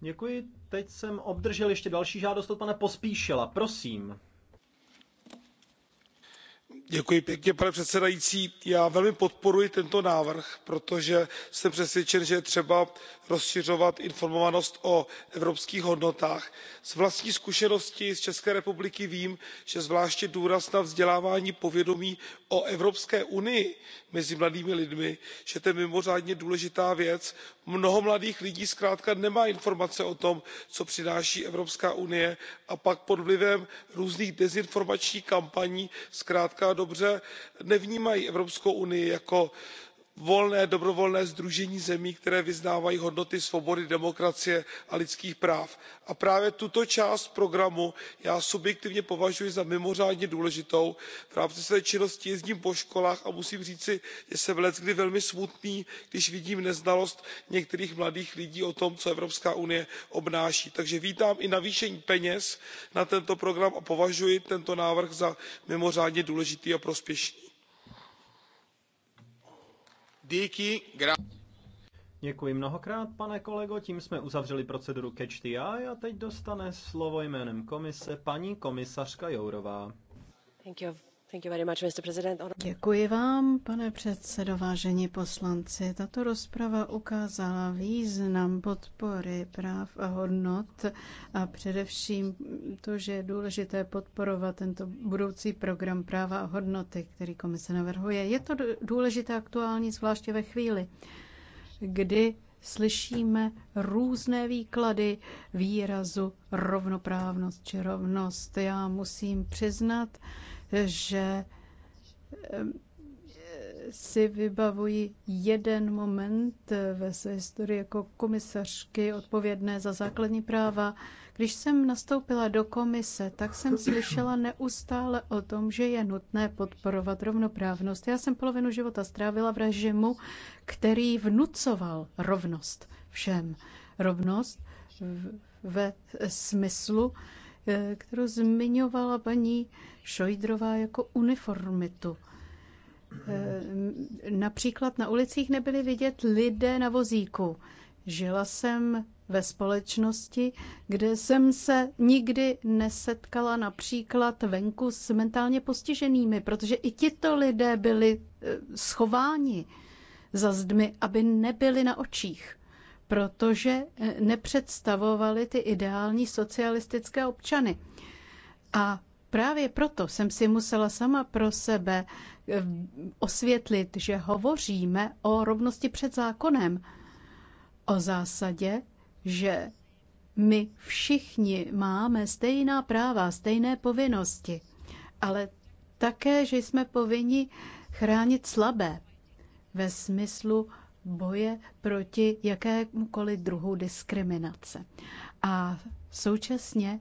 Děkuji, teď jsem obdržel ještě další žádost od pana Pospíšila, prosím pane předsedající já velmi podporuji tento návrh protože jsem přesvědčen že je třeba rozšiřovat informovanost o evropských hodnotách. z vlastní zkušenosti z české republiky vím že zvláště důraz na vzdělávání povědomí o evropské unii mezi mladými lidmi že to je mimořádně důležitá věc. mnoho mladých lidí zkrátka nemá informace o tom co přináší evropská unie a pak pod vlivem různých dezinformačních kampaní zkrátka do dobře nevnímají evropskou unii jako volné dobrovolné sdružení zemí které vyznávají hodnoty svobody demokracie a lidských práv a právě tuto část programu já subjektivně považuji za mimořádně důležitou. v rámci své činnosti jezdím po školách a musím říci že jsem leckdy velmi smutný když vidím neznalost některých mladých lidí o tom co evropská unie obnáší. takže vítám i navýšení peněz na tento program a považuji tento návrh za mimořádně důležitý a prospěšný. Díky, gra... Děkuji mnohokrát, pane kolego. Tím jsme uzavřeli proceduru Catch the Eye a teď dostane slovo jménem komise paní komisařka Jourová. Thank you Děkuji vám, pane předsedo, vážení poslanci. Tato rozprava ukázala význam podpory práv a hodnot a především to, že je důležité podporovat tento budoucí program práva a hodnoty, který komise navrhuje. Je to důležité aktuální, zvláště ve chvíli, kdy slyšíme různé výklady výrazu rovnoprávnost či rovnost. Já musím přiznat, že si vybavuji jeden moment ve své historii jako komisařky odpovědné za základní práva. Když jsem nastoupila do komise, tak jsem slyšela neustále o tom, že je nutné podporovat rovnoprávnost. Já jsem polovinu života strávila v režimu, který vnucoval rovnost všem. Rovnost ve smyslu, Eh, kterou zmiňovala paní Šojdrová jako uniformitu. Eh, například na ulicích nebyli vidět lidé na vozíku. Žila jsem ve společnosti, kde jsem se nikdy nesetkala například venku s mentálně postiženými, protože i tito lidé byli eh, schováni za zdmi, aby nebyli na očích protože eh, nepředstavovali ty ideální socialistické občany. A právě proto jsem si musela sama pro sebe eh, osvětlit, že hovoříme o rovnosti před zákonem, o zásadě, že my všichni máme stejná práva, stejné povinnosti, ale také, že jsme povinni chránit slabé ve smyslu boje proti jakémukoliv druhu diskriminace. A současně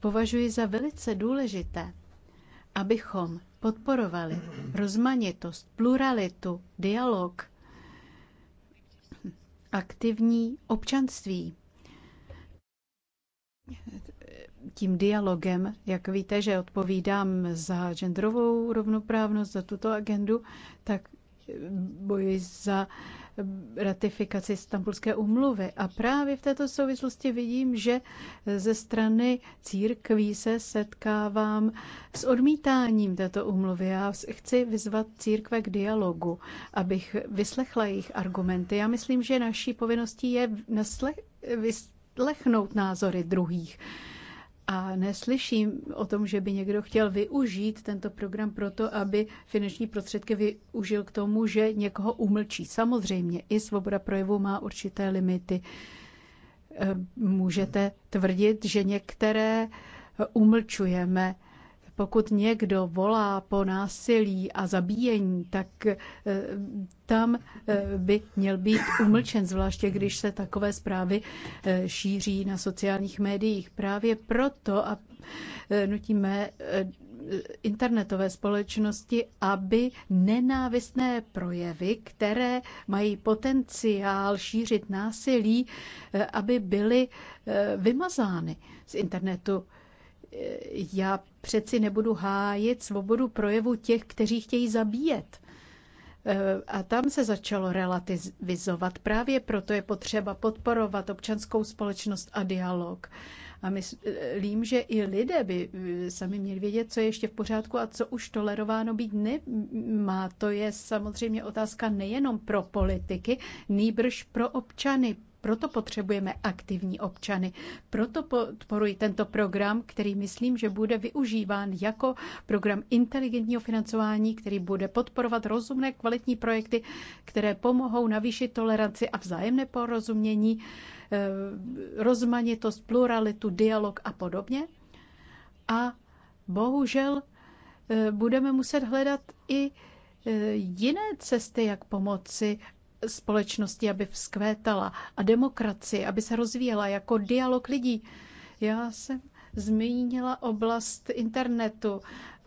považuji za velice důležité, abychom podporovali rozmanitost, pluralitu, dialog, aktivní občanství. Tím dialogem, jak víte, že odpovídám za genderovou rovnoprávnost, za tuto agendu, tak boji za ratifikaci Stambulské umluvy A právě v této souvislosti vidím, že ze strany církví se setkávám s odmítáním této umluvy. Já chci vyzvat církve k dialogu, abych vyslechla jejich argumenty. Já myslím, že naší povinností je naslech, vyslechnout názory druhých. A neslyším o tom, že by někdo chtěl využít tento program proto, aby finanční prostředky využil k tomu, že někoho umlčí. Samozřejmě i svoboda projevu má určité limity. Můžete tvrdit, že některé umlčujeme pokud někdo volá po násilí a zabíjení, tak eh, tam eh, by měl být umlčen, zvláště když se takové zprávy eh, šíří na sociálních médiích. Právě proto a nutíme internetové společnosti, aby nenávistné projevy, které mají potenciál šířit násilí, aby byly vymazány z internetu já přeci nebudu hájit svobodu projevu těch, kteří chtějí zabíjet. E, a tam se začalo relativizovat. Právě proto je potřeba podporovat občanskou společnost a dialog. A myslím, že i lidé by e, sami měli vědět, co je ještě v pořádku a co už tolerováno být nemá. To je samozřejmě otázka nejenom pro politiky, nýbrž pro občany, proto potřebujeme aktivní občany. Proto podporuji tento program, který myslím, že bude využíván jako program inteligentního financování, který bude podporovat rozumné kvalitní projekty, které pomohou navýšit toleranci a vzájemné porozumění, eh, rozmanitost, pluralitu, dialog a podobně. A bohužel eh, budeme muset hledat i eh, jiné cesty, jak pomoci společnosti, aby vzkvétala a demokracie, aby se rozvíjela jako dialog lidí. Já jsem zmínila oblast internetu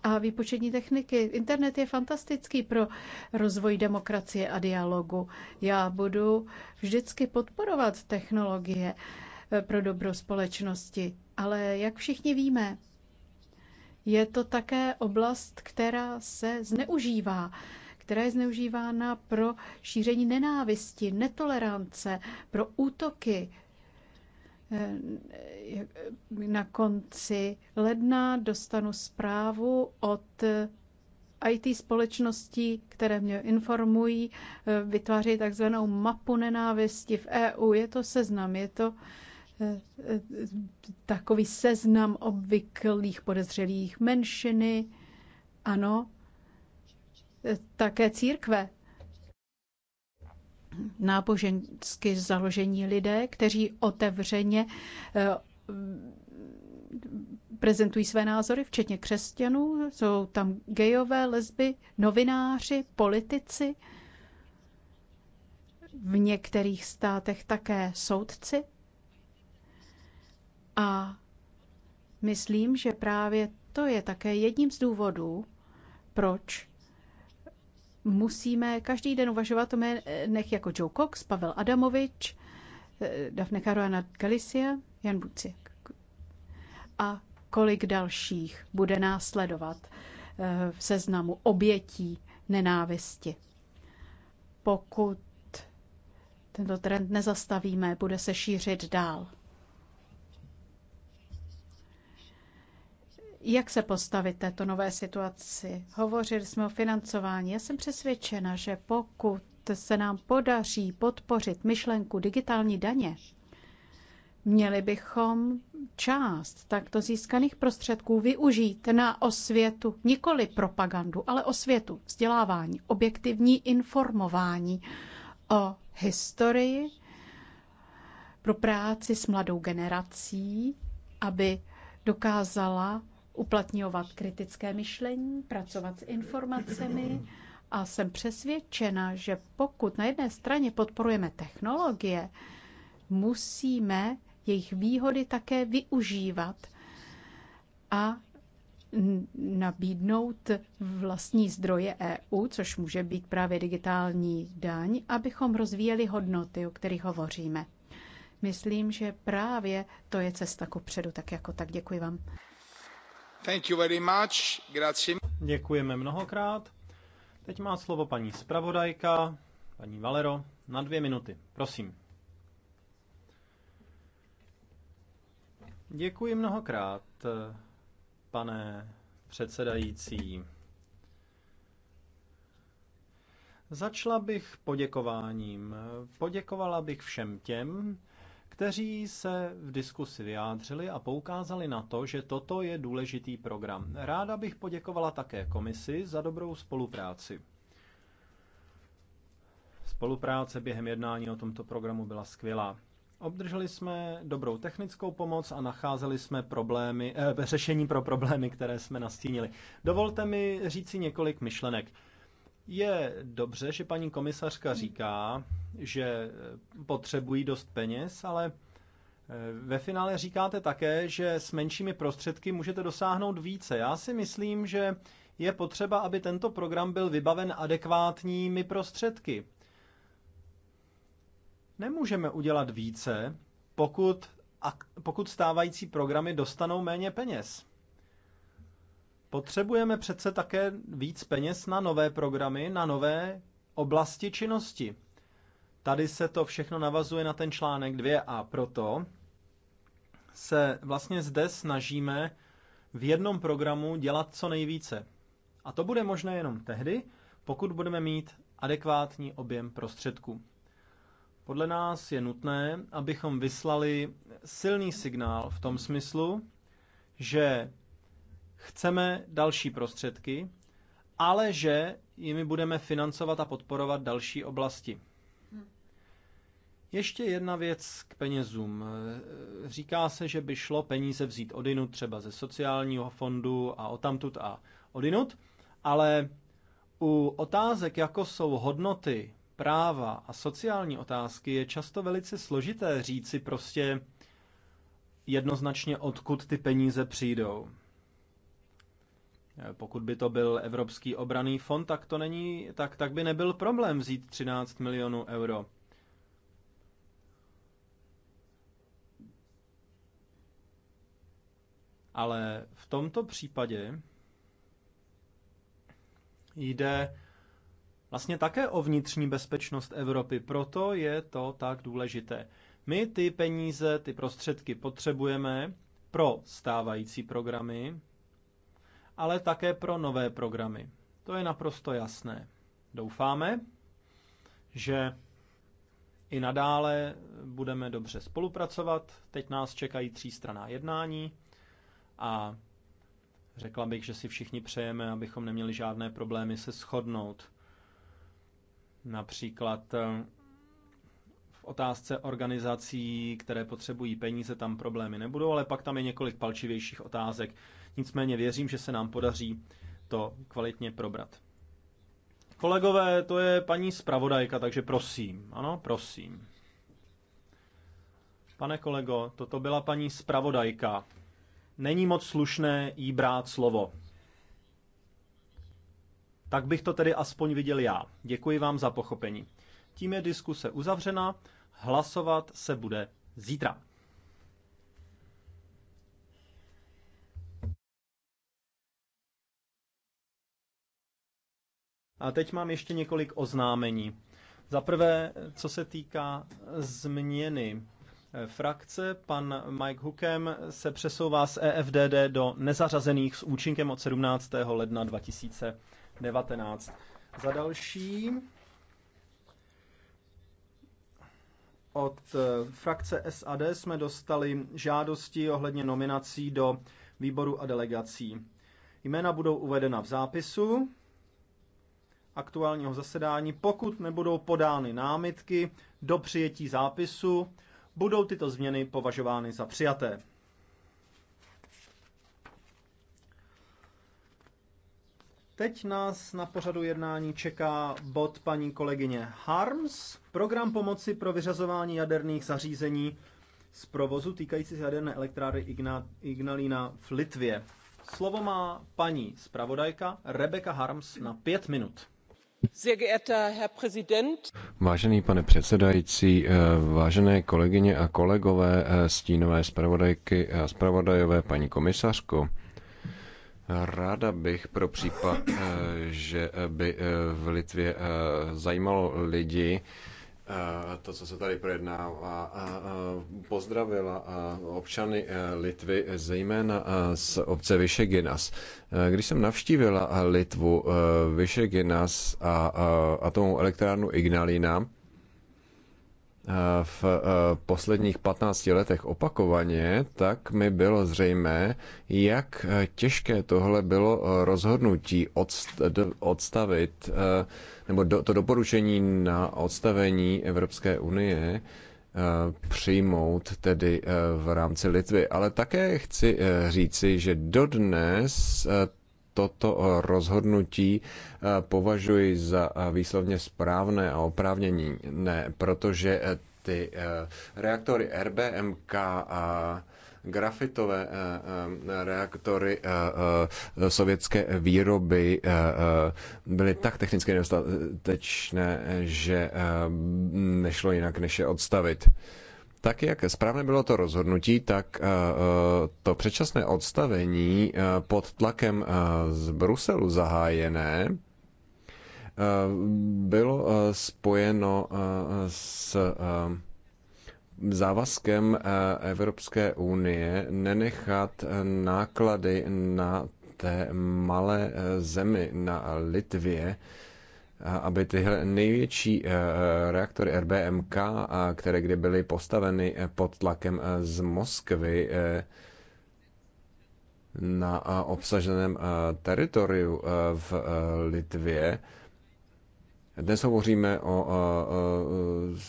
a výpočetní techniky. Internet je fantastický pro rozvoj demokracie a dialogu. Já budu vždycky podporovat technologie eh, pro dobro společnosti, ale jak všichni víme, je to také oblast, která se zneužívá která je zneužívána pro šíření nenávisti, netolerance, pro útoky. Eh, na konci ledna dostanu zprávu od IT společností, které mě informují, eh, vytváří takzvanou mapu nenávisti v EU. Je to seznam, je to eh, takový seznam obvyklých podezřelých menšiny. Ano, také církve, nábožensky založení lidé, kteří otevřeně eh, prezentují své názory, včetně křesťanů. Jsou tam gejové, lesby, novináři, politici, v některých státech také soudci. A myslím, že právě to je také jedním z důvodů, proč musíme každý den uvažovat o nech jako Joe Cox, Pavel Adamovič, eh, Dafne Caruana Galicia, Jan Buciek. A kolik dalších bude následovat eh, v seznamu obětí nenávisti. Pokud tento trend nezastavíme, bude se šířit dál. Jak se postavit této nové situaci? Hovořili jsme o financování. Já jsem přesvědčena, že pokud se nám podaří podpořit myšlenku digitální daně, měli bychom část takto získaných prostředků využít na osvětu, nikoli propagandu, ale osvětu, vzdělávání, objektivní informování o historii, pro práci s mladou generací, aby dokázala uplatňovat kritické myšlení, pracovat s informacemi a jsem přesvědčena, že pokud na jedné straně podporujeme technologie, musíme jejich výhody také využívat a nabídnout vlastní zdroje EU, což může být právě digitální daň, abychom rozvíjeli hodnoty, o kterých hovoříme. Myslím, že právě to je cesta ku předu, tak jako tak. Děkuji vám. Děkujeme mnohokrát. Teď má slovo paní zpravodajka, paní Valero, na dvě minuty. Prosím. Děkuji mnohokrát, pane předsedající. Začala bych poděkováním. Poděkovala bych všem těm, kteří se v diskusi vyjádřili a poukázali na to, že toto je důležitý program. Ráda bych poděkovala také komisi za dobrou spolupráci. Spolupráce během jednání o tomto programu byla skvělá. Obdrželi jsme dobrou technickou pomoc a nacházeli jsme problémy, eh, řešení pro problémy, které jsme nastínili. Dovolte mi říci několik myšlenek. Je dobře, že paní komisařka říká, že potřebují dost peněz, ale eh, ve finále říkáte také, že s menšími prostředky můžete dosáhnout více. Já si myslím, že je potřeba, aby tento program byl vybaven adekvátními prostředky. Nemůžeme udělat více, pokud, pokud stávající programy dostanou méně peněz. Potřebujeme přece také víc peněz na nové programy, na nové oblasti činnosti. Tady se to všechno navazuje na ten článek 2 a proto se vlastně zde snažíme v jednom programu dělat co nejvíce. A to bude možné jenom tehdy, pokud budeme mít adekvátní objem prostředků. Podle nás je nutné, abychom vyslali silný signál v tom smyslu, že chceme další prostředky, ale že jimi budeme financovat a podporovat další oblasti. Ještě jedna věc k penězům. Říká se, že by šlo peníze vzít odinut, třeba ze sociálního fondu a odtamtud a odinut, ale u otázek, jako jsou hodnoty, práva a sociální otázky, je často velice složité říci prostě jednoznačně, odkud ty peníze přijdou. Pokud by to byl Evropský obraný fond, tak to není, tak, tak by nebyl problém vzít 13 milionů euro. Ale v tomto případě jde vlastně také o vnitřní bezpečnost Evropy, proto je to tak důležité. My ty peníze, ty prostředky potřebujeme pro stávající programy, ale také pro nové programy. To je naprosto jasné. Doufáme, že i nadále budeme dobře spolupracovat. Teď nás čekají třístraná jednání a řekla bych, že si všichni přejeme, abychom neměli žádné problémy se shodnout. Například eh, v otázce organizací, které potřebují peníze, tam problémy nebudou, ale pak tam je několik palčivějších otázek. Nicméně věřím, že se nám podaří to kvalitně probrat. Kolegové, to je paní zpravodajka, takže prosím. Ano, prosím. Pane kolego, toto byla paní zpravodajka. Není moc slušné jí brát slovo. Tak bych to tedy aspoň viděl já. Děkuji vám za pochopení. Tím je diskuse uzavřena, hlasovat se bude zítra. A teď mám ještě několik oznámení. Za prvé, co se týká změny eh, frakce, pan Mike Hookem se přesouvá z EFDD do nezařazených s účinkem od 17. ledna 2019. Za další, od eh, frakce SAD jsme dostali žádosti ohledně nominací do výboru a delegací. Jména budou uvedena v zápisu aktuálního zasedání, pokud nebudou podány námitky do přijetí zápisu, budou tyto změny považovány za přijaté. Teď nás na pořadu jednání čeká bod paní kolegyně Harms, program pomoci pro vyřazování jaderných zařízení z provozu týkající se jaderné elektrárny Ignalina v Litvě. Slovo má paní zpravodajka Rebeka Harms na pět minut. Vážený pane předsedající, eh, vážené kolegyně a kolegové, eh, stínové zpravodajky a zpravodajové, paní komisařko, Ráda bych pro případ, eh, že by v Litvě zajímalo lidi, Eh, to, co se tady projednává, pozdravila občany eh, Litvy, zejména eh, z obce Vyšeginas. Když jsem navštívila Litvu, Vyšeginas a atomovou elektrárnu Ignalina, v posledních 15 letech opakovaně, tak mi bylo zřejmé, jak e, těžké tohle bylo e, rozhodnutí odstavit, e, nebo to doporučení na odstavení Evropské unie přijmout tedy v rámci Litvy. Ale také chci říci, že dodnes toto rozhodnutí eh, považuji za eh, výslovně správné a oprávnění, ne, protože eh, ty reaktory RBMK a grafitové reaktory sovětské výroby byly tak technicky nedostatečné, že nešlo jinak, než je odstavit. Tak jak správně bylo to rozhodnutí, tak eh, eh, to předčasné odstavení eh, pod tlakem z Bruselu zahájené bylo spojeno s závazkem Evropské unie nenechat náklady na té malé zemi na Litvě aby tyhle největší eh, reaktory RBMK, které kdy byly postaveny eh, pod tlakem eh, z Moskvy, na obsaženém teritoriu v Litvě. Dnes hovoříme o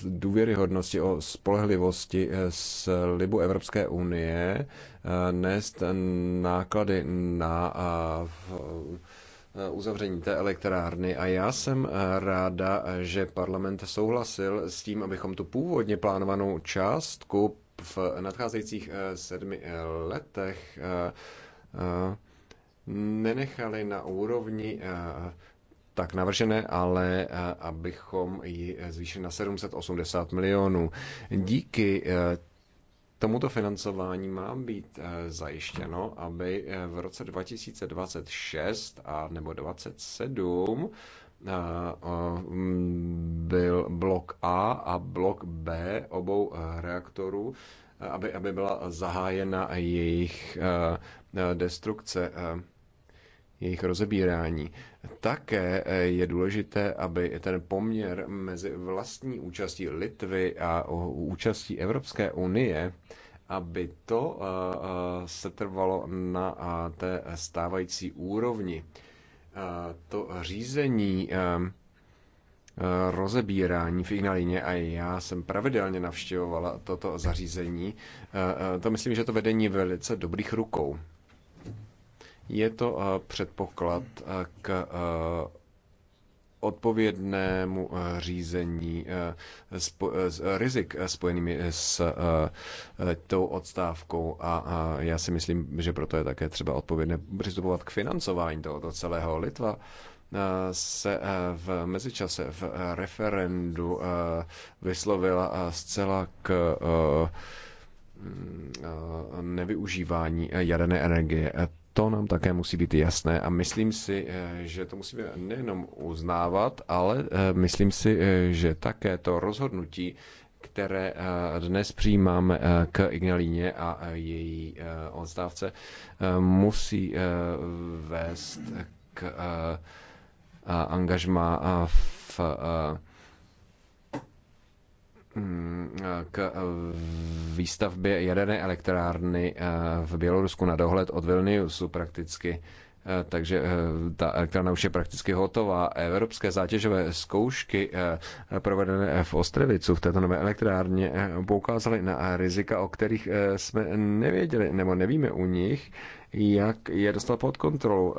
důvěryhodnosti, o spolehlivosti s libu Evropské unie nést náklady na Eh, uzavření té elektrárny a já jsem eh, ráda, eh, že parlament souhlasil s tím, abychom tu původně plánovanou částku v nadcházejících sedmi letech nenechali na úrovni tak navržené, ale abychom ji zvýšili na 780 milionů. Díky Tomuto financování má být eh, zajištěno, aby eh, v roce 2026 a nebo 2027 eh, byl blok A a blok B obou reaktorů, aby, aby byla zahájena jejich destrukce jejich rozebírání. Také eh, je důležité, aby ten poměr mezi vlastní účastí Litvy a účastí Evropské unie aby to eh, eh, se trvalo na té stávající úrovni. To řízení rozebírání v Ignalině a já jsem pravidelně navštěvovala toto zařízení. To myslím, že to vedení je velice dobrých rukou. Je to eh, předpoklad eh, k eh, odpovědnému řízení spo, rizik spojenými s tou odstávkou a já si myslím, že proto je také třeba odpovědné přistupovat k financování tohoto celého Litva se v mezičase v referendu vyslovila zcela k mm, nevyužívání jaderné energie. To nám také musí být jasné a myslím si, eh, že to musíme nejenom uznávat, ale eh, myslím si, eh, že také to rozhodnutí, které dnes přijímáme k Ignalíně a její odstávce, musí vést k angažmá v Mm, eh, k eh, výstavbě jaderné elektrárny eh, v Bělorusku na dohled od Vilniusu prakticky. Takže ta elektrárna už je prakticky hotová. Evropské zátěžové zkoušky provedené v Ostrevicu v této nové elektrárně poukázaly na rizika, o kterých jsme nevěděli nebo nevíme u nich, jak je dostala pod kontrolu.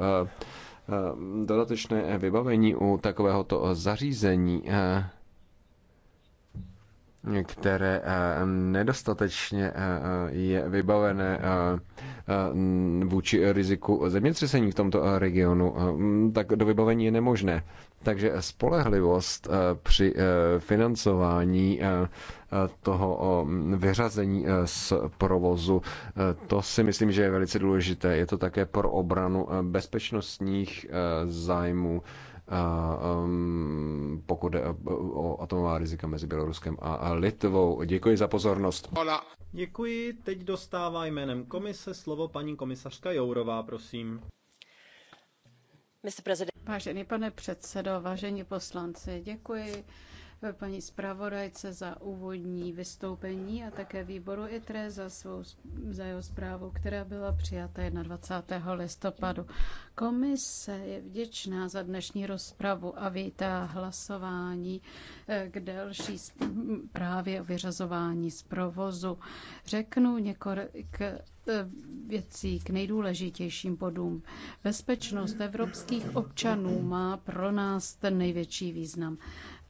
Dodatečné vybavení u takovéhoto zařízení které eh, nedostatečně eh, eh, je vybavené vůči riziku zemětřesení v tomto regionu, mm, tak do vybavení je nemožné. Takže spolehlivost při financování toho mm, vyřazení z provozu, to si myslím, že je velice důležité. Je to také pro obranu bezpečnostních zájmů Um, pokud jde o atomová rizika mezi Běloruskem a Litvou. Děkuji za pozornost. Hola. Děkuji. Teď dostává jménem komise slovo paní komisařka Jourová, prosím. Vážený pane předsedo, vážení poslanci, děkuji paní zpravodajce za úvodní vystoupení a také výboru ITRE za, svou, za jeho zprávu, která byla přijata 21. listopadu. Komise je vděčná za dnešní rozpravu a vítá hlasování eh, k delší právě o vyřazování z provozu. Řeknu několik eh, věcí k nejdůležitějším bodům. Bezpečnost evropských občanů má pro nás ten největší význam.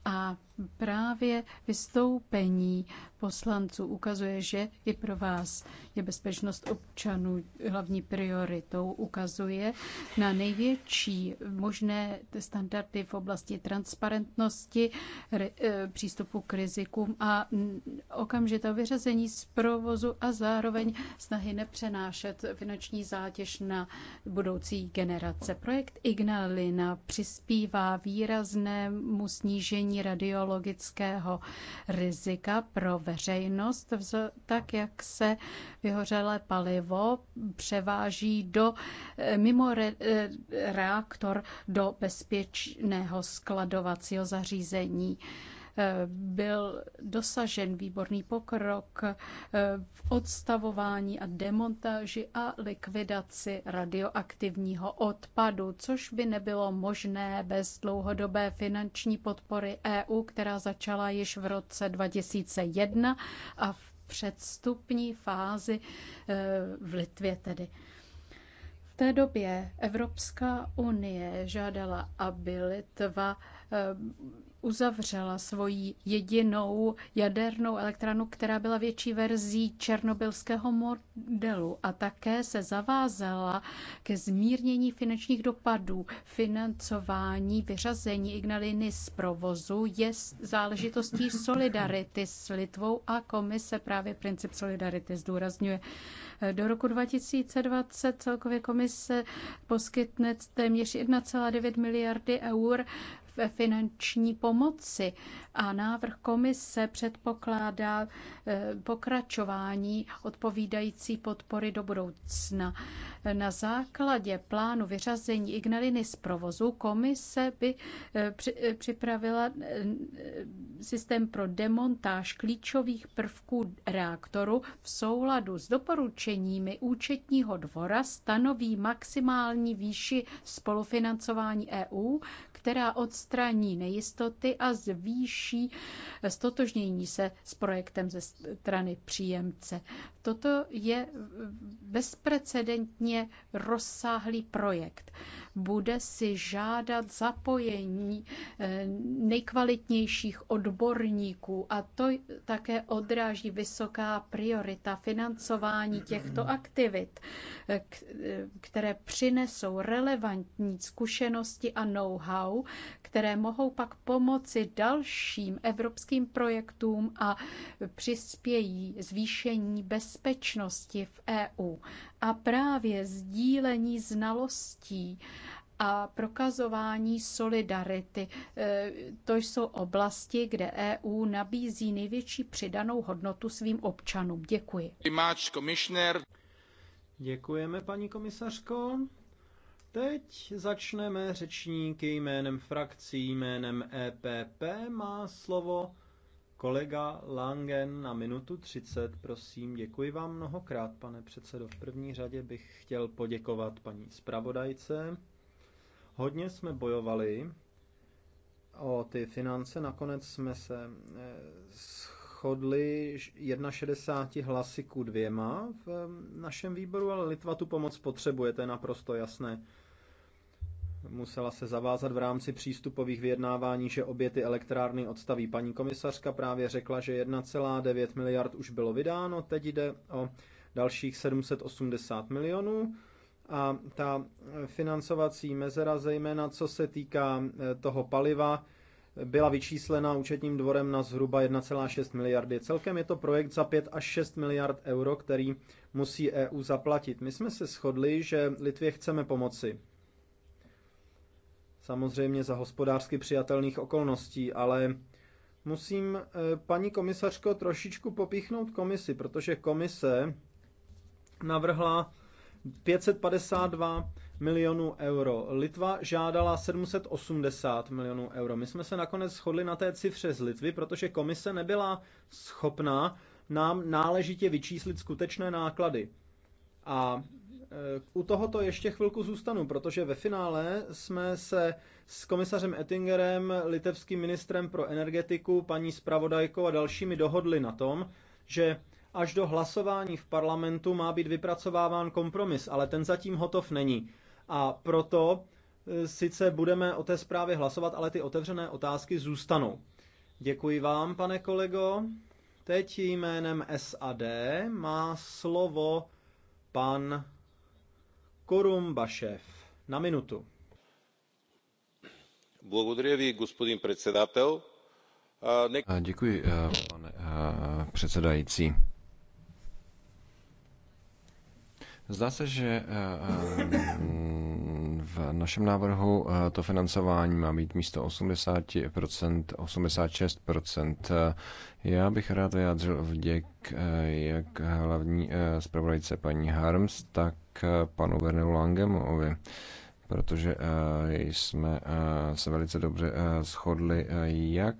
A Právě vystoupení poslanců ukazuje, že i pro vás je bezpečnost občanů hlavní prioritou. Ukazuje na největší možné standardy v oblasti transparentnosti, e, přístupu k rizikům a okamžitého vyřazení z provozu a zároveň snahy nepřenášet finanční zátěž na budoucí generace. Projekt Ignalina přispívá výraznému snížení radiologie radiologického rizika pro veřejnost, tak jak se vyhořelé palivo převáží do eh, mimo re, eh, reaktor do bezpečného skladovacího zařízení byl dosažen výborný pokrok eh, v odstavování a demontáži a likvidaci radioaktivního odpadu, což by nebylo možné bez dlouhodobé finanční podpory EU, která začala již v roce 2001 a v předstupní fázi eh, v Litvě tedy. V té době Evropská unie žádala, aby Litva eh, uzavřela svoji jedinou jadernou elektrárnu, která byla větší verzí černobylského modelu a také se zavázala ke zmírnění finančních dopadů. Financování vyřazení Ignaliny z provozu je záležitostí solidarity s Litvou a komise právě princip solidarity zdůrazňuje. Do roku 2020 celkově komise poskytne téměř 1,9 miliardy eur ve finanční pomoci a návrh komise předpokládá eh, pokračování odpovídající podpory do budoucna. Na základě plánu vyřazení Ignaliny z provozu komise by eh, eh, připravila systém pro demontáž klíčových prvků reaktoru v souladu s doporučeními účetního dvora stanoví maximální výši spolufinancování EU, která odstraní nejistoty a zvýší stotožnění se s projektem ze strany příjemce. Toto je bezprecedentně rozsáhlý projekt. Bude si žádat zapojení eh, nejkvalitnějších odborů odborníků a to také odráží vysoká priorita financování těchto aktivit, eh, eh, které přinesou relevantní zkušenosti a know-how, které mohou pak pomoci dalším evropským projektům a přispějí zvýšení bezpečnosti v EU. A právě sdílení znalostí a prokazování solidarity. E, to jsou oblasti, kde EU nabízí největší přidanou hodnotu svým občanům. Děkuji. Děkujeme, paní komisařko. Teď začneme řečníky jménem frakcí, jménem EPP. Má slovo kolega Langen na minutu 30, prosím. Děkuji vám mnohokrát, pane předsedo. V první řadě bych chtěl poděkovat paní zpravodajce Hodně jsme bojovali o ty finance, nakonec jsme se eh, shodli 61 hlasy ku dvěma v eh, našem výboru, ale Litva tu pomoc potřebuje, to je naprosto jasné. Musela se zavázat v rámci přístupových vyjednávání, že obě ty elektrárny odstaví. Paní komisařka právě řekla, že 1,9 miliard už bylo vydáno, teď jde o dalších 780 milionů a ta financovací mezera, zejména co se týká eh, toho paliva, byla vyčíslena účetním dvorem na zhruba 1,6 miliardy. Celkem je to projekt za 5 až 6 miliard euro, který musí EU zaplatit. My jsme se shodli, že Litvě chceme pomoci. Samozřejmě za hospodářsky přijatelných okolností, ale musím, eh, paní komisařko, trošičku popíchnout komisi, protože komise navrhla 552 milionů euro. Litva žádala 780 milionů euro. My jsme se nakonec shodli na té cifře z Litvy, protože komise nebyla schopná nám náležitě vyčíslit skutečné náklady. A e, u tohoto ještě chvilku zůstanu, protože ve finále jsme se s komisařem Ettingerem, litevským ministrem pro energetiku, paní spravodajkou a dalšími dohodli na tom, že Až do hlasování v parlamentu má být vypracováván kompromis, ale ten zatím hotov není. A proto e, sice budeme o té zprávě hlasovat, ale ty otevřené otázky zůstanou. Děkuji vám, pane kolego. Teď jménem SAD má slovo pan Korumbašev na minutu. Děkuji, e, pane e, předsedající Zdá se, že eh, eh, v našem návrhu eh, to financování má být místo 80%, 86%. Já bych rád vyjádřil vděk jak hlavní zpravodajce paní Harms, tak panu Vernelu Langemovi protože eh, jsme eh, se velice dobře eh, shodli jak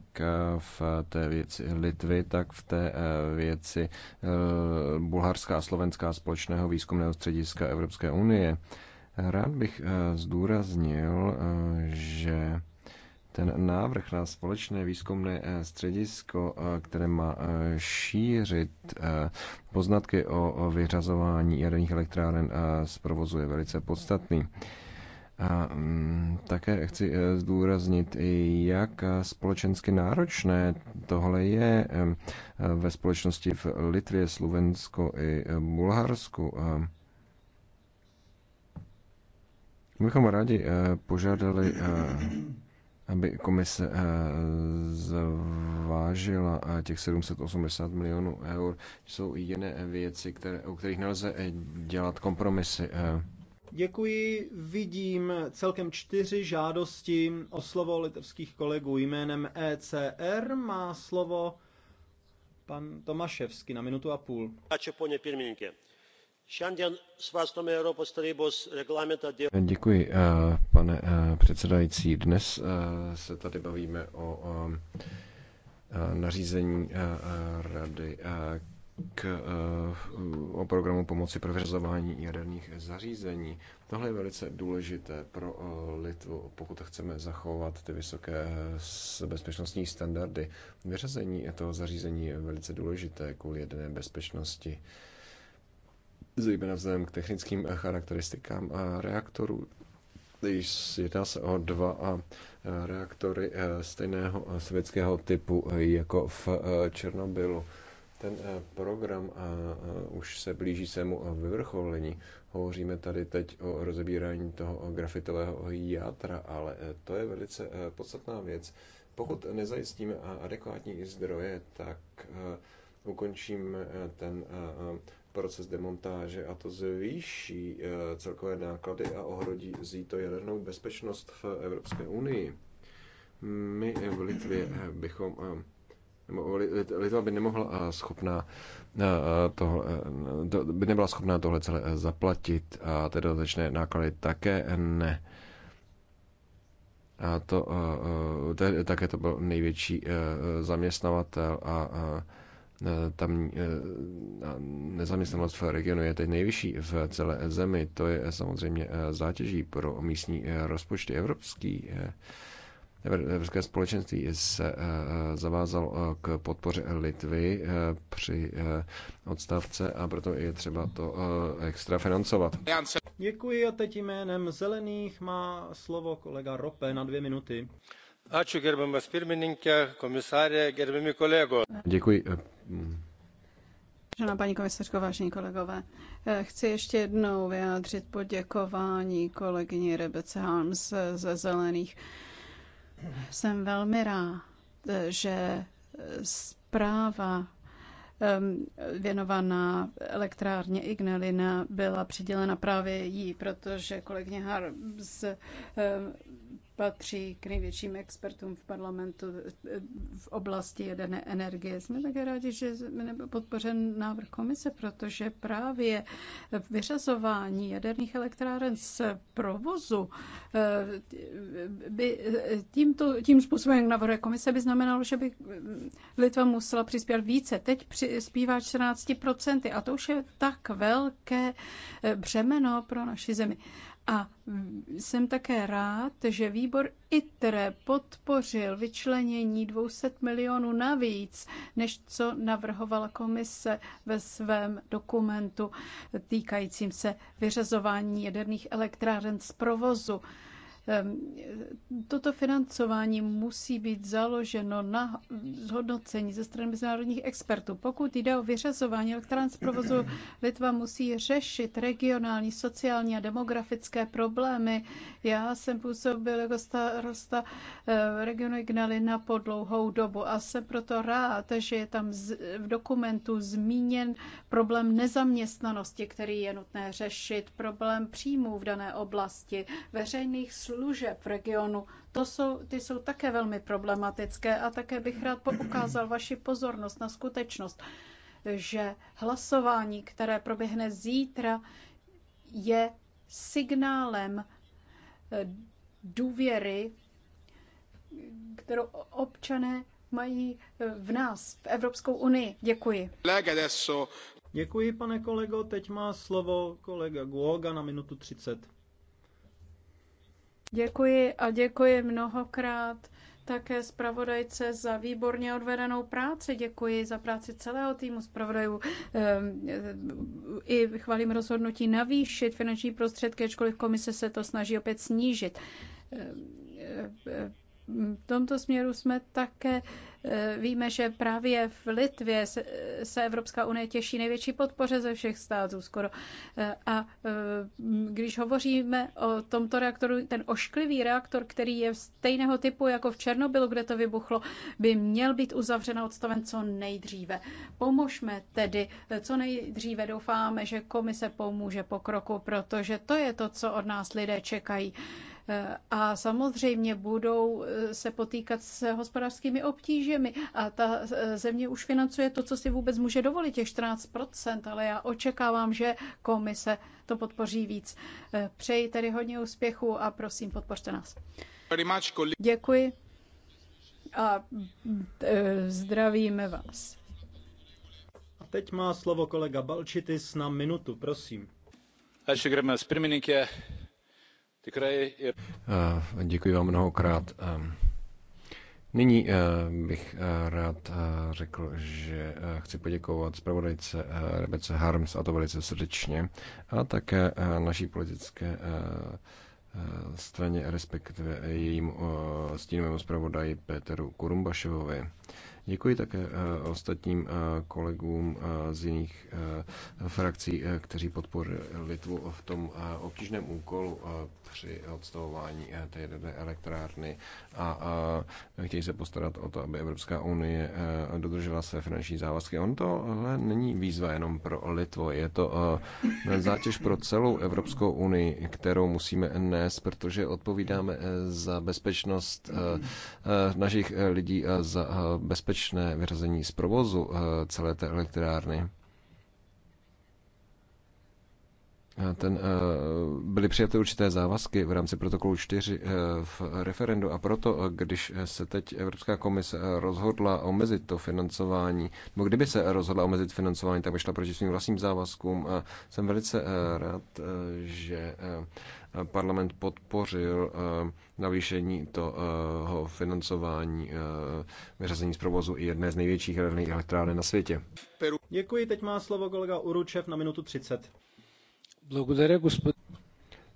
v té věci Litvy, tak v té věci bulharská a slovenská společného výzkumného střediska Evropské unie. Rád bych zdůraznil, že ten návrh na společné výzkumné středisko, které má šířit poznatky o vyřazování jaderných elektráren z provozu, je velice podstatný. A mm, také chci e, zdůraznit, jak e, společensky náročné tohle je e, ve společnosti v Litvě, Slovensku i Bulharsku. My Bychom rádi požádali, aby komise zvážila těch 780 milionů eur. Jsou jiné věci, které, u kterých nelze dělat kompromisy. Děkuji. Vidím celkem čtyři žádosti o slovo litevských kolegů jménem ECR. Má slovo pan Tomaševský na minutu a půl. Děkuji, e, pane e, předsedající. Dnes e, se tady bavíme o nařízení rady, k, eh, o programu pomoci pro vyřazování jaderných zařízení. Tohle je velice důležité pro eh, Litvu, pokud chceme zachovat ty vysoké eh, bezpečnostní standardy. Vyřazení toho zařízení je velice důležité kvůli jedné bezpečnosti, zejména vzhledem k technickým charakteristikám reaktorů. Jedná se o dva a reaktory stejného sovětského typu jako v Černobylu ten eh, program už se blíží svému eh, vyvrcholení. Hovoříme tady teď o rozebírání toho eh, grafitového játra, ale to je velice podstatná věc. Pokud nezajistíme adekvátní zdroje, tak ukončíme ten proces demontáže a to zvýší celkové náklady a ohrodí to jadernou bezpečnost v Evropské unii. My v Litvě bychom nebo Litva by nemohla eh, schopná eh, eh, tohle, by nebyla schopná tohle celé zaplatit a ty dodatečné náklady také ne. A to, také to byl největší zaměstnavatel a tam nezaměstnanost v regionu je teď nejvyšší v celé zemi. To je samozřejmě zátěží pro místní rozpočty evropský Evropské společenství se eh, eh, zavázalo eh, k podpoře Litvy při odstavce a proto je třeba to extra financovat. Děkuji a teď jménem Zelených má slovo kolega Rope na dvě minuty. Ačiū gerbiamas pirmininkė, komisarė, gerbiami kolego. Děkuji. Žena paní komisařko, vážení kolegové, chci ještě jednou vyjádřit poděkování kolegyni Rebece Harms ze Zelených jsem velmi rád, že zpráva věnovaná elektrárně Ignalina byla přidělena právě jí, protože kolegyně Harms patří k největším expertům v parlamentu eh, v oblasti jaderné energie. Jsme také rádi, že nebyl podpořen návrh komise, protože právě vyřazování jaderných elektráren z provozu eh, by eh, tímto, tím způsobem, jak navrhuje komise, by znamenalo, že by Litva musela přispět více. Teď přispívá 14% a to už je tak velké břemeno pro naši zemi. A jsem také rád, že výbor ITRE podpořil vyčlenění 200 milionů navíc, než co navrhovala komise ve svém dokumentu týkajícím se vyřazování jaderných elektráren z provozu. Ehm, toto financování musí být založeno na zhodnocení ze strany mezinárodních expertů. Pokud jde o vyřazování elektrán z provozu, Litva musí řešit regionální, sociální a demografické problémy. Já jsem působil jako starosta ehm, regionu Ignalina po dlouhou dobu a jsem proto rád, že je tam v dokumentu zmíněn problém nezaměstnanosti, který je nutné řešit, problém příjmů v dané oblasti, veřejných služeb, služeb v regionu, to jsou, ty jsou také velmi problematické a také bych rád poukázal vaši pozornost na skutečnost, že hlasování, které proběhne zítra, je signálem eh, důvěry, kterou občané mají eh, v nás, v Evropskou unii. Děkuji. Děkuji, pane kolego. Teď má slovo kolega Guoga na minutu 30. Děkuji a děkuji mnohokrát také zpravodajce za výborně odvedenou práci. Děkuji za práci celého týmu zpravodajů. Ehm, ehm, I chvalím rozhodnutí navýšit finanční prostředky, ačkoliv komise se to snaží opět snížit ehm, v tomto směru jsme také eh, víme, že právě v Litvě se Evropská unie těší největší podpoře ze všech států skoro. Eh, a eh, když hovoříme o tomto reaktoru, ten ošklivý reaktor, který je stejného typu jako v Černobylu, kde to vybuchlo, by měl být uzavřen a odstaven co nejdříve. Pomožme tedy co nejdříve. Doufáme, že komise pomůže pokroku, protože to je to, co od nás lidé čekají a samozřejmě budou eh, se potýkat s hospodářskými obtížemi a ta eh, země už financuje to, co si vůbec může dovolit, těch 14%, ale já očekávám, že komise to podpoří víc. Eh, přeji tedy hodně úspěchu a prosím, podpořte nás. Děkuji a zdravíme vás. A teď má slovo kolega Balčitis na minutu, prosím. Ačiū, gerbiamas pirmininkė. Děkuji vám mnohokrát. Nyní bych rád řekl, že chci poděkovat zpravodajce Rebece Harms a to velice srdečně a také naší politické straně, respektive jejím stínovému zpravodaji Petru Kurumbašovovi. Děkuji také eh, ostatním eh, kolegům eh, z jiných frakcí, kteří podporili Litvu v tom obtížném úkolu při odstavování té jedné elektrárny a chtějí se postarat o to, aby Evropská unie dodržela své finanční závazky. On to ale není výzva jenom pro Litvo, je to zátěž pro celou Evropskou unii, kterou musíme nést, protože odpovídáme za bezpečnost našich lidí a za bezpečnost bezpečné vyřazení z provozu eh, celé té elektrárny. ten, eh, byly přijaty určité závazky v rámci protokolu 4 eh, v referendu a proto, eh, když se teď Evropská komise rozhodla omezit to financování, nebo kdyby se rozhodla omezit financování, tak by šla proti svým vlastním závazkům. Jsem velice rád, že parlament podpořil navýšení toho financování vyřazení z provozu i jedné z největších jaderných elektráren na světě. Děkuji, teď má slovo kolega Uručev na minutu 30.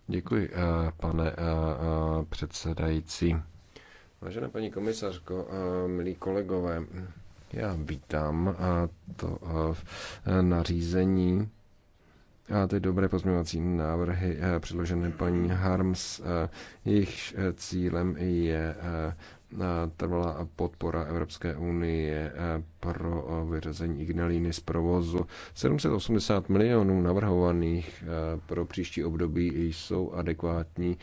Děkuji, pane předsedající. Vážená paní komisařko, milí kolegové, já vítám to nařízení a ty dobré pozměňovací návrhy předložené paní Harms. Jejich cílem je Eh, trvalá podpora Evropské unie eh, pro eh, vyřazení Ignalíny z provozu. 780 milionů navrhovaných pro příští období jsou adekvátní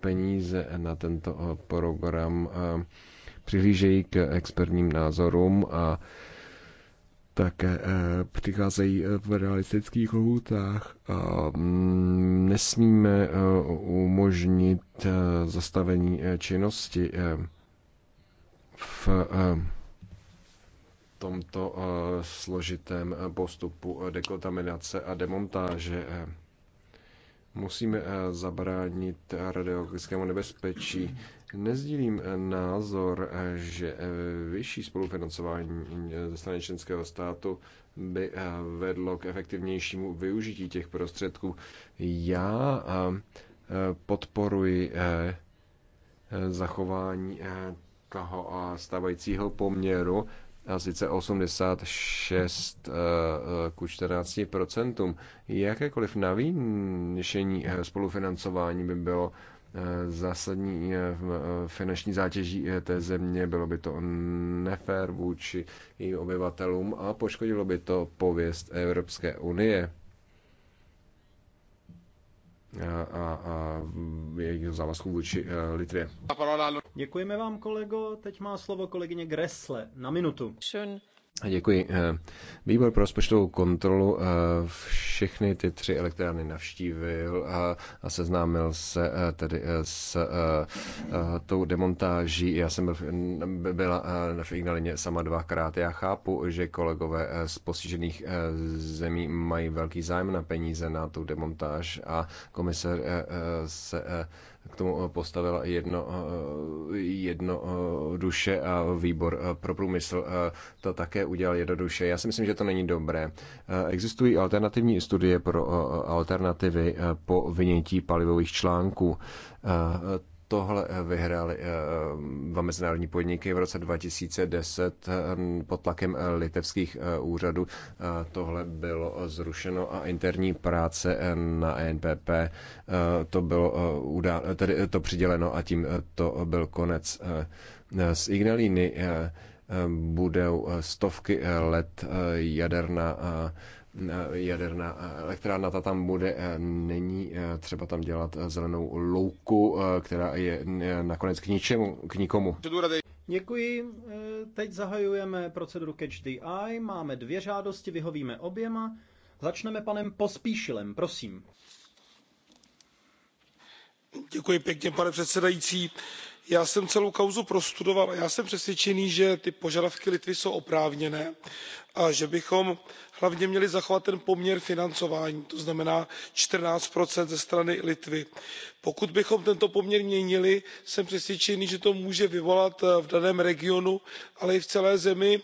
peníze na tento program. Přihlížejí k expertním názorům a také přicházejí v realistických lhůtách a mm, nesmíme umožnit zastavení činnosti v eh, tomto eh, složitém eh, postupu dekontaminace a demontáže. Musíme zabránit radiologickému nebezpečí. Nezdílím názor, že vyšší spolufinancování ze strany členského státu by vedlo k efektivnějšímu využití těch prostředků. Já podporuji zachování toho eh, stávajícího poměru, a sice 86 eh, eh, ku 14 Jakékoliv navýšení spolufinancování by bylo zásadní finanční zátěží té země, bylo by to nefér vůči jejím obyvatelům a poškodilo by to pověst Evropské unie a, a, a jejich závazku vůči Litvě. Děkujeme vám, kolego. Teď má slovo kolegyně Gresle na minutu. Schön. Děkuji. Eh, výbor pro rozpočtovou kontrolu eh, všechny ty tři elektrárny navštívil a seznámil se eh, tedy s tou demontáží. Já jsem byla v Ignalině sama dvakrát. Já chápu, že kolegové z postižených zemí mají velký zájem na peníze na tu demontáž a komisař se k tomu eh, postavila jedno, eh, jedno eh, duše a výbor pro průmysl to také udělal jednoduše. Já si myslím, že to není dobré. Existují alternativní studie pro alternativy po vynětí palivových článků tohle eh, vyhrály eh, eh, dva mezinárodní podniky v roce 2010 pod tlakem litevských úřadů. Tohle bylo zrušeno a interní práce na e NPP to bylo tedy to přiděleno a tím to byl konec. Z Ignalíny budou stovky let jaderná Eh, jaderná eh, elektrárna, ta tam bude, eh, není třeba tam dělat zelenou louku, která je nakonec k ničemu, k nikomu. Děkuji. Teď zahajujeme proceduru Catch the Eye. Máme dvě žádosti, vyhovíme oběma. Začneme panem Pospíšilem, prosím. Děkuji pěkně, pane předsedající já jsem celou kauzu prostudoval a já jsem přesvědčený že ty požadavky litvy jsou oprávněné a že bychom hlavně měli zachovat ten poměr financování to znamená fourteen ze strany litvy. pokud bychom tento poměr měnili jsem přesvědčený že to může vyvolat v daném regionu ale i v celé zemi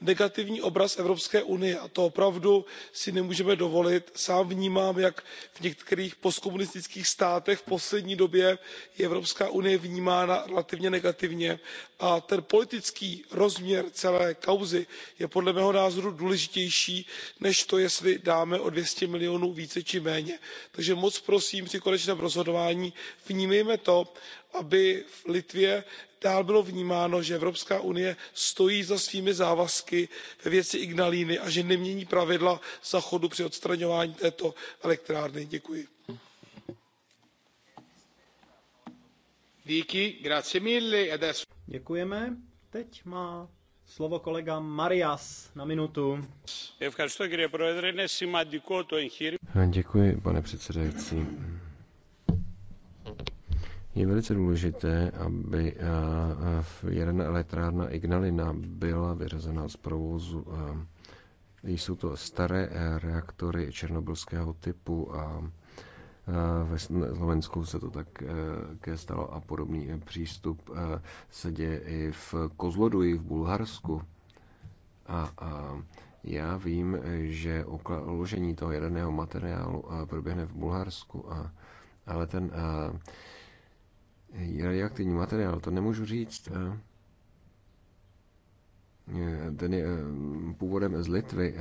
negativní obraz evropské unie a to opravdu si nemůžeme dovolit. sám vnímám jak v některých postkomunistických státech v poslední době je evropská unie vnímána relativně negativně a ten politický rozměr celé kauzy je podle mého názoru důležitější než to jestli dáme o two hundred milionů více či méně. takže moc prosím při konečném rozhodování vnímejme to aby v litvě dál bylo vnímáno že evropská unie stojí za svými závazky ve věci ignaliny a že nemění pravidla za chodu při odstraňování této elektrárny. děkuji. děkujeme. teď má slovo kolega na minutu. Děkuji, pane předsedající je velice důležité, aby jaderná elektrárna Ignalina byla vyřazena z provozu. Jsou to staré e, reaktory černobylského typu a ve Slovensku se to také e, stalo a podobný e, přístup se děje i v Kozloduji v Bulharsku. A, já vím, že uložení toho jaderného materiálu proběhne v Bulharsku, ale ten radioaktivní materiál, to nemůžu říct. Eh. Eh, ten je eh, původem z Litvy.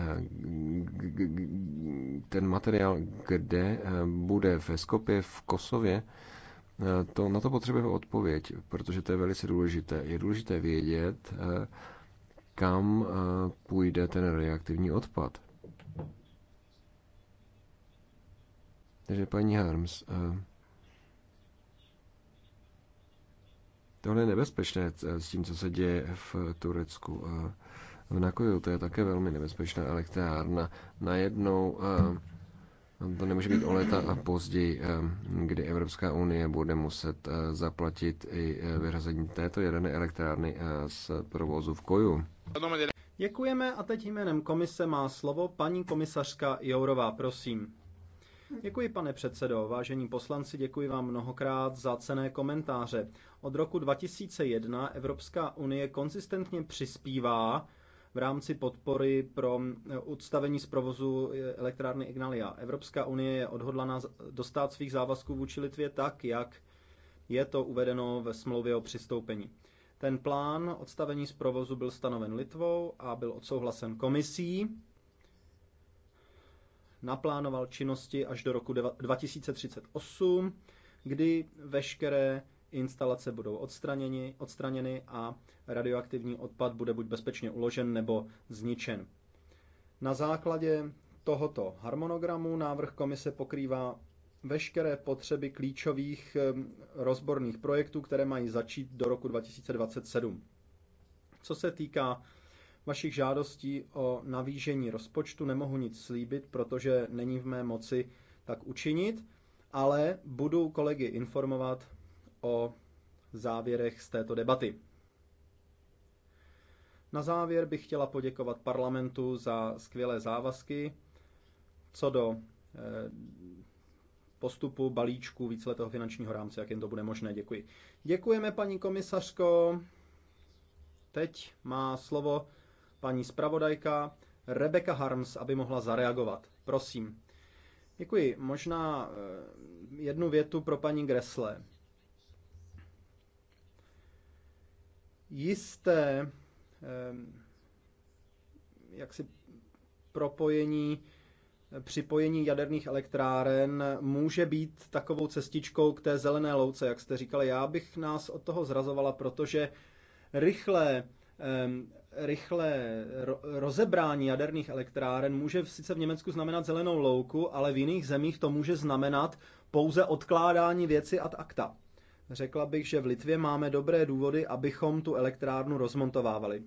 Ten materiál, kde bude ve Skopě, v Kosově, to, na to potřebuje odpověď, protože to je velice důležité. Je důležité vědět, kam půjde ten reaktivní odpad. Takže paní Harms, Tohle je nebezpečné eh, s tím, co se děje v Turecku. Eh, v Nakoju to je také velmi nebezpečná elektrárna. Najednou eh, to nemůže být o leta a později, kdy Evropská unie bude muset zaplatit i vyřazení této jedné elektrárny z provozu v Koju. Děkujeme a teď jménem komise má slovo paní komisařka Jourová, prosím. Děkuji, pane předsedo. Vážení poslanci, děkuji vám mnohokrát za cené komentáře. Od roku 2001 Evropská unie konzistentně přispívá v rámci podpory pro odstavení z provozu elektrárny Ignalia. Evropská unie je odhodlana dostat svých závazků vůči Litvě tak, jak je to uvedeno ve smlouvě o přistoupení. Ten plán odstavení z provozu byl stanoven Litvou a byl odsouhlasen komisí naplánoval činnosti až do roku 2038, kdy veškeré instalace budou odstraněny, odstraněny a radioaktivní odpad bude buď bezpečně uložen nebo zničen. Na základě tohoto harmonogramu návrh komise pokrývá veškeré potřeby klíčových rozborných projektů, které mají začít do roku 2027. Co se týká vašich žádostí o navýšení rozpočtu nemohu nic slíbit, protože není v mé moci tak učinit, ale budu kolegy informovat o závěrech z této debaty. Na závěr bych chtěla poděkovat parlamentu za skvělé závazky co do eh, postupu balíčku víceletého finančního rámce, jak jen to bude možné. Děkuji. Děkujeme, paní komisařko. Teď má slovo paní zpravodajka Rebecca Harms, aby mohla zareagovat. Prosím. Děkuji. Možná eh, jednu větu pro paní Gresle. Jisté eh, jaksi propojení, eh, připojení jaderných elektráren může být takovou cestičkou k té zelené louce, jak jste říkali. Já bych nás od toho zrazovala, protože rychlé rychlé rozebrání jaderných elektráren může sice v Německu znamenat zelenou louku, ale v jiných zemích to může znamenat pouze odkládání věci ad acta. Řekla bych, že v Litvě máme dobré důvody, abychom tu elektrárnu rozmontovávali.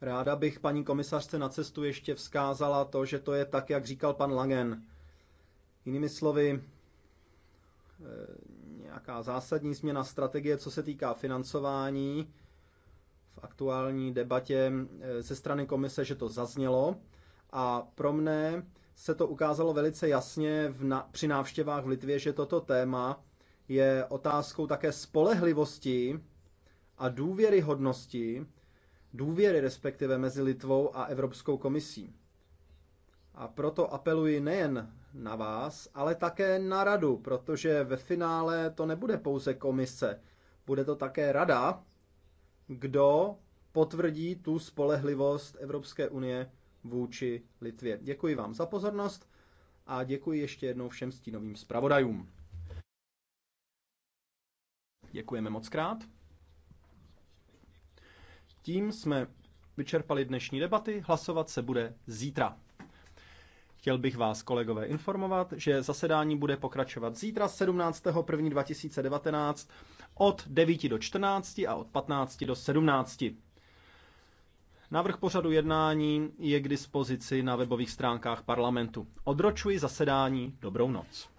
Ráda bych paní komisařce na cestu ještě vzkázala to, že to je tak, jak říkal pan Langen. Jinými slovy, e, nějaká zásadní změna strategie, co se týká financování, aktuální debatě eh, ze strany komise, že to zaznělo a pro mne se to ukázalo velice jasně v na, při návštěvách v Litvě, že toto téma je otázkou také spolehlivosti a důvěryhodnosti, důvěry respektive mezi Litvou a Evropskou komisí. A proto apeluji nejen na vás, ale také na radu, protože ve finále to nebude pouze komise, bude to také rada, kdo potvrdí tu spolehlivost Evropské unie vůči Litvě. Děkuji vám za pozornost a děkuji ještě jednou všem stínovým zpravodajům. Děkujeme moc krát. Tím jsme vyčerpali dnešní debaty, hlasovat se bude zítra. Chtěl bych vás, kolegové, informovat, že zasedání bude pokračovat zítra 17.1.2019 od 9 do 14 a od 15 do 17. Návrh pořadu jednání je k dispozici na webových stránkách parlamentu. Odročuji zasedání. Dobrou noc.